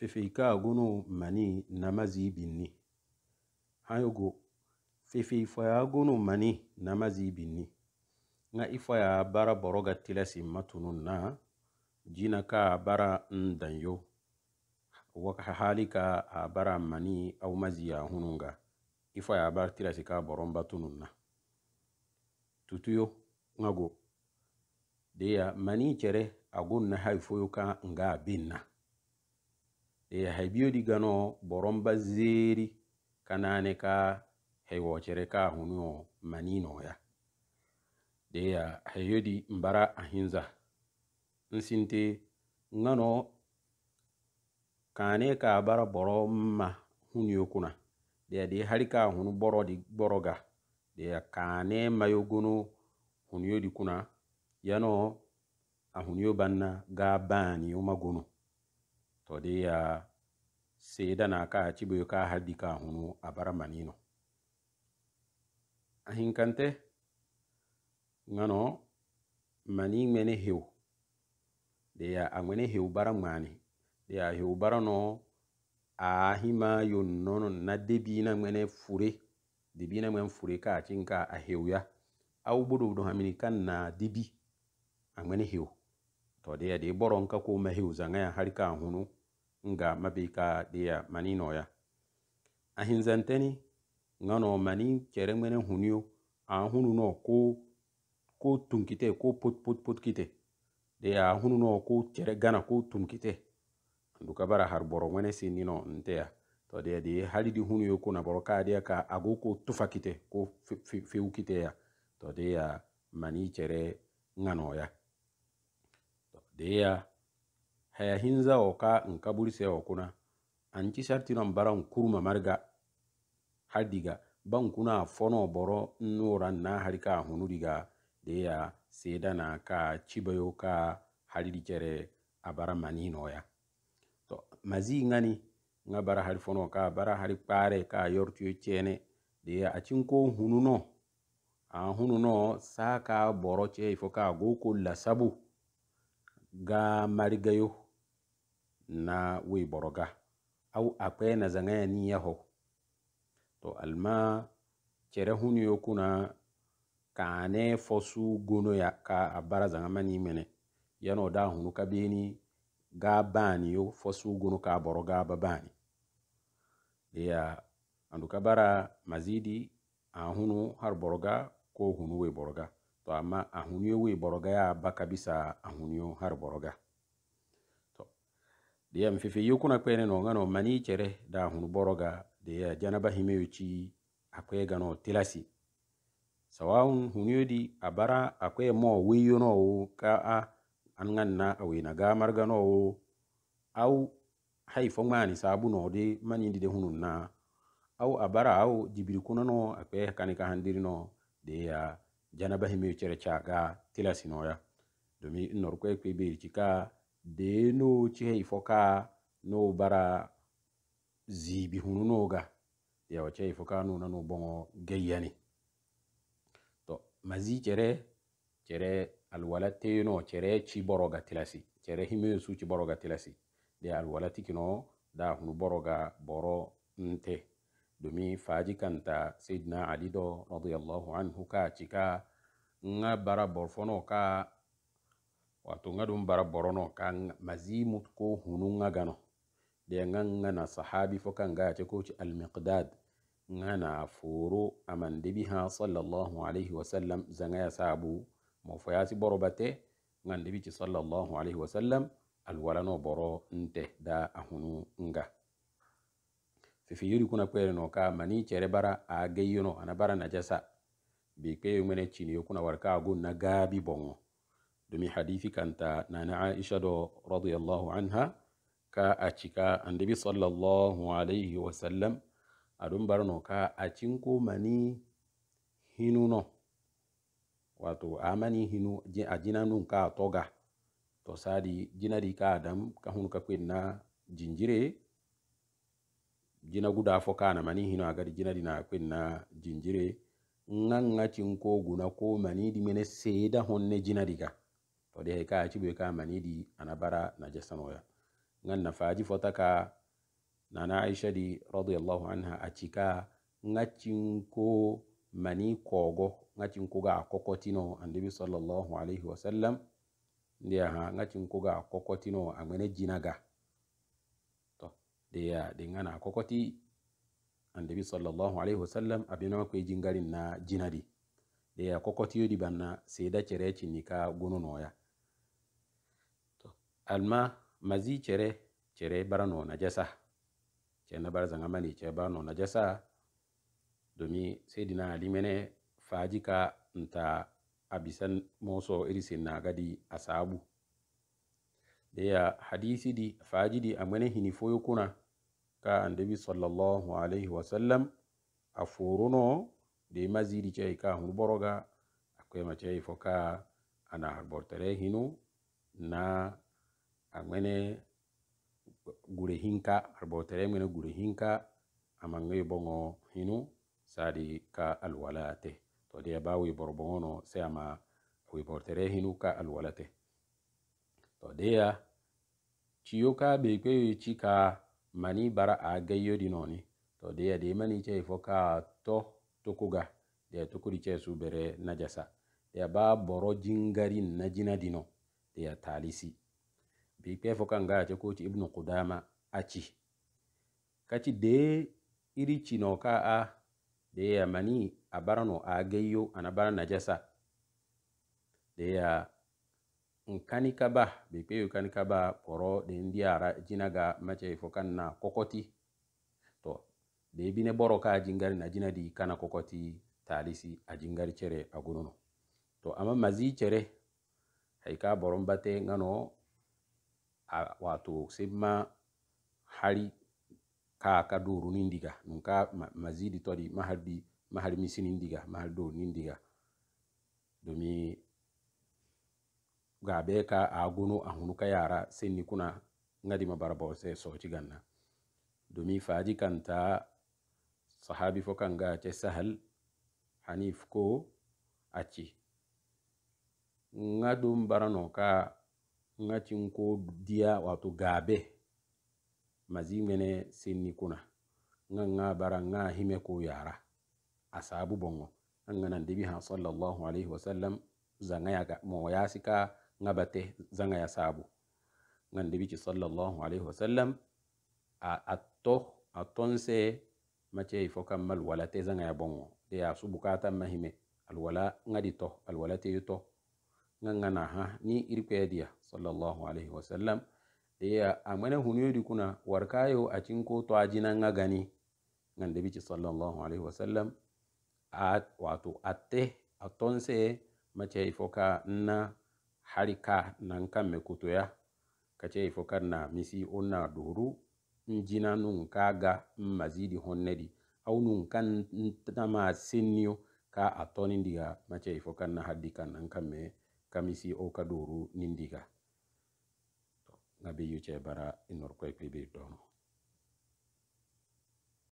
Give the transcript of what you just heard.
feefeyikaagunu mani namaziibinni hayogo feefeyifayaagunu mani namaziibinni ŋa ifaya bara boroga tilasi matunun na jina ka bara n danyo hali ka a bara mani aw maziya hununga ifaya bara tilasi ka boron batunun na tutuyo ŋago deya mani cere agun na hayfoyo ka nga bin na Eh, haibiyodi gano boromba zeri kanane ka haiwacere ka hunuyo manino ya da ya di mbara ahinza nsinte ngano kane ka bara boro ma huniyo kuna da ya dai har ka hunu boro di boro ga da ya kane mayogono huniyo di kuna yano a huniyo banna ga bani umagono to da ya seeda na kaha ciboyo kaha ka hunu abara manino ahinkante ŋano mani ŋmene hew deya a ŋmene hew bara ŋmani deya hew bara no ahima yonnono na debina ŋmene fure debina ŋmen fure kaha nka a hewya au bodobodo hamini kan na debi a ŋmene hew to deya de boron ka ko ma hew zaŋaya har ka hunu nga mabika dia mani noya ahinzanteni ngano mani kere mwene hunio ahunu no ko ko tunkite ko pot pot pot kite de ahunu no ko kere gana ko tunkite nduka bara har boro mwene sinino ntea to de de hali di hunio ko na boro kadia ka ago ko tufa kite ko feu kite ya to de ya mani kere ngano ya to de ya haya hinza oka ka se okuna anchi kuna anci mbara nkuruma marga hadiga diga fono boro na harika ka hunu da ya sedana ka cibayo ka har dikere a bara mani ya to mazi ngani ngabara bara ka bara har ka yortu chene da ya achinko ko a hunu sa ka boro ka ga marigayo na wei boroga au akpena zangaya ni yaho to alma chere hunu yokuna kane fosu gono ya ka abara zangama ni mene yano da hunu kabeni ga bani yo fosu gono ka boroga babani ya anduka bara mazidi ahunu har boroga ko hunu wei boroga to amma ahuniyo wei boroga ya ba kabisa ahuniyo har boroga deya mfefe yokuna kpene no ngano mani chere da hunu boroga ya janaba hime himeyuci akwe gano tilasi sawawun huniyodi abara akwe mo wiyo no wo ka a angan na awina ga marga no wo au hay fongmani sabu no de mani de hunun na au abara au jibiri kuna no akwe kani ka handiri no de ya janaba hime himeyuchere chaga tilasi no ya domi norkwe kwe be chika de no cehei foka no bara zibi hununoga yawa cehei foka nuna no bongo geyyani to mazi cere cere alwala teno cere ciboroga tilasi cere himesu ciboroga tilasi de alwala tikino da hunu boroga boro nte domi faji kanta sayidina ali do radiallahu anhu ka cika nga bara borfono ka wato ŋa ɗum bara borono ka mazimu ko hununga gano de ŋa ŋa na sahabi fo kan ga yace koci almiqdad ŋa na foro amandebi ha sallallahu alaihi wasallam zaŋa ya sabu mo fo yasi boro bate ŋa ndebi ci sallallahu alaihi wasallam alwalano boro nte da a hunu nga fifi yuri kuna kwere no ka mani cere bara a gayyono ana bara na jasa bi kayo mene cini yo kuna warka agun na gabi bongo domin hadithi kanta na na aisha radiyallahu anha ka a cika annabi sallallahu alaihi wasallam dun barno ka a cinko mani hinu no wato amani hinu a jinanun ka toga to sadi jinari ka adam ka hun ka na jinjire jina guda fo na mani hinu agadi jinari na na jinjire nga nga cinko guna ko mani dimene seda honne jinari ka o de ka cibu ka mani di ana bara na jasanoya ngan na faji fota ka nana aisha di radiyallahu anha a cika ngacin ko mani kogo ngacin ko ga kokotino andibi sallallahu alaihi wa sallam ndi ha ngacin ko ga kokotino a mene jinaga to de ya de ngana kokoti andibi sallallahu alaihi wa sallam abina ko jingarin na jinadi de ya kokotiyo di banna seda cereci ni ka gununoya alma mazi cere cere bara no na jasa cene bara zanga mani cere bara no na jasa domi sai dina ali mene fajika nta abisan moso irisin na gadi asabu daya hadisi di fajidi amene hini foyo kuna ka andabi sallallahu alaihi wa sallam afuruno de maziri cai ka hun boroga akwai mace ifo ka ana harbortare hinu na aŋene gure hinka arbotere ŋene gure hinka amaŋeyo boŋo hinu sadi ka alwala te todi aba wiboro boŋo no se ama wibortere hinu ka alwala te todiya ciyo ka bekpeyo ci ka mani bara a gayyo di noni todiya di mani ce fo ka to tokuga diya tokudi ce su bere najasa diya ba boro jingari najina dino diya talisi bikpe fo kan gaya cekoti ibnu qudama aci kaci de iri cino ka a de ya mani a barano a gayyo ana najasa de ya nkani ka ba bikpe yu kani ka ba poro de ndi jinaga mace fo na kokoti to de bine boro ka jingari na jina di kana kokoti talisi a jingari cere a gununo to amma mazi cere haika boron te ngano a wato simma hari ka ka doru nin diga nun ka mazidi todi mahardi mahar misinin diga mahar doru nin diga domi ga be ka a gono a hunu ka yara sinni kuna ngadi ma barba o sai soti ganna domi faji kanta sahabi fo kan ga te sahal hanif ko acci ngadum barano ka ngacin ko diya wato gabe mazi mene sinni kuna nga nga bara nga hime ko yara asabu bongo nga nan debi ha sallallahu alaihi wasallam zanga ya mo yasika nga bate zanga ya sabu nga debi ci sallallahu alaihi wasallam a atto atonse mace fo kam mal walate zanga ya bongo de ya subukata mahime alwala ngadi to alwala te yuto ngangana ha ni irpedia sallallahu alaihi wasallam ya amana hunyodi kuna warkayo a cinko to ajina nga gani ngan da bici sallallahu alaihi wasallam a wato atte a tonse mace ifoka na harika nan kan me kutoya kace ifoka na misi onna duru njina nun kaga mazidi honnedi au nun kan tama sinio ka atoni ndiga mace ifoka na hadika nan kan me kamisi o kadoru nindiga to ngabe bara inor koy